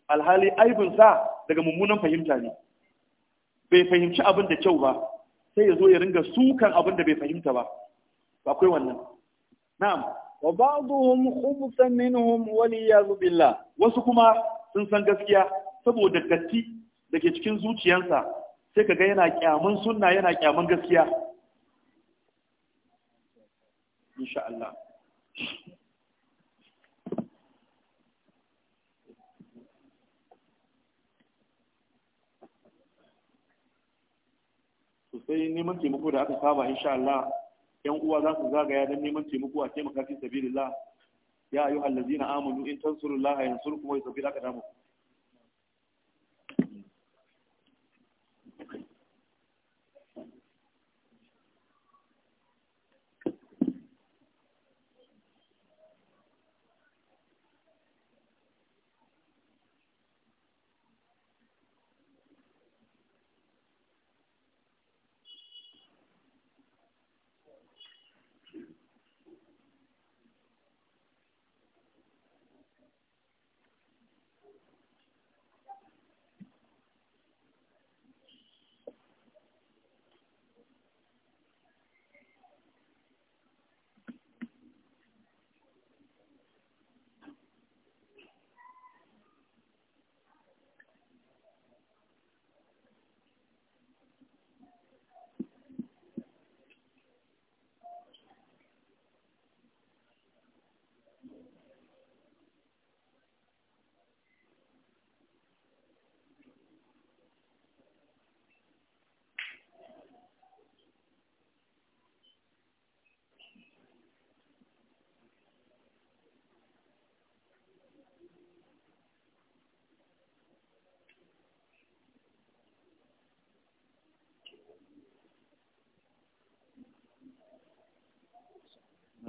alhali aibin sa daga mummunan fahimta ne bai fahimci abin da kyau ba sai ya zo ya ringa sukan abin da bai fahimta ba akwai wannan na'am wa ba'dhum khubsan minhum waliyaz billah wasu kuma sun san gaskiya saboda datti da cikin zuciyarsa sai kaga yana kyaman sunna yana kyaman gaskiya insha Allah neman taimako da aka saba insha Allah yan uwa za su zagaya don neman taimako a taimaka fi sabilillah ya ayyuhallazina amanu in tansurullaha yansurkum wa yusabbir aqdamakum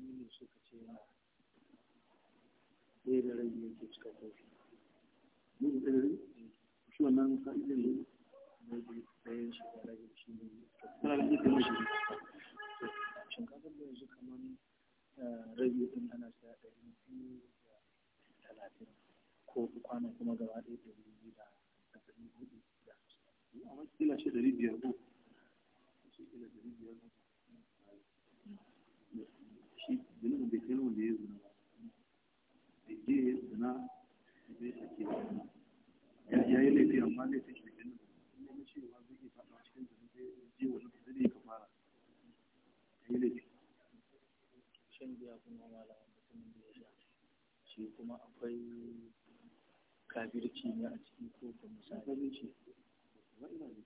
biyu ne suka ce yana ɗaya da rai yake suka kofi shi wannan ne na biyu shi shi ne ɗaya shi da yanzu kamar eh, rai ɗin ana sa ɗari biyu da talatin ko kwana kuma gaba ɗaya ɗari biyu da ɗari da ɗari ko wanda ya ce shi kenan in ya ce wa zai faɗa cikin da zai je wani da zai ka fara yi laifi shan biya kuma malamin sha shi kuma akwai kafirci ne a cikin ko ba misali ce ba ina ne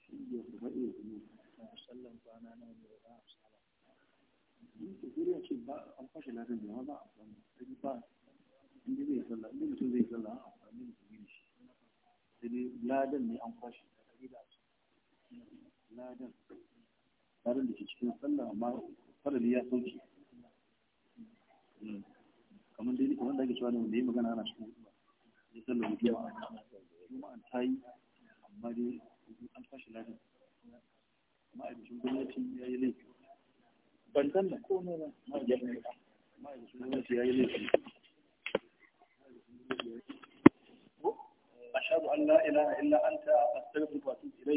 shi ya kuma iya kuma sallan kwana na ne ba a sala ya ce ba an fashe lafiyar ba a sala ba inda zai sallah inda mutum zai sallah a amfani ladan ne an kwashe ladan ladan da ke cikin sallah amma farali ya sauke hmm. kamar dai wanda ake cewa ne wanda ya magana ana cikin hutuba ya sallar juma'a juma'an ta yi amma dai an kwashe ladan ma'aikacin gwamnati ya yi laifi ban san ko ne ba ma'aikacin gwamnati ya yi laifi ashhadu an ina ilaha illa anta astaghfiruka wa atubu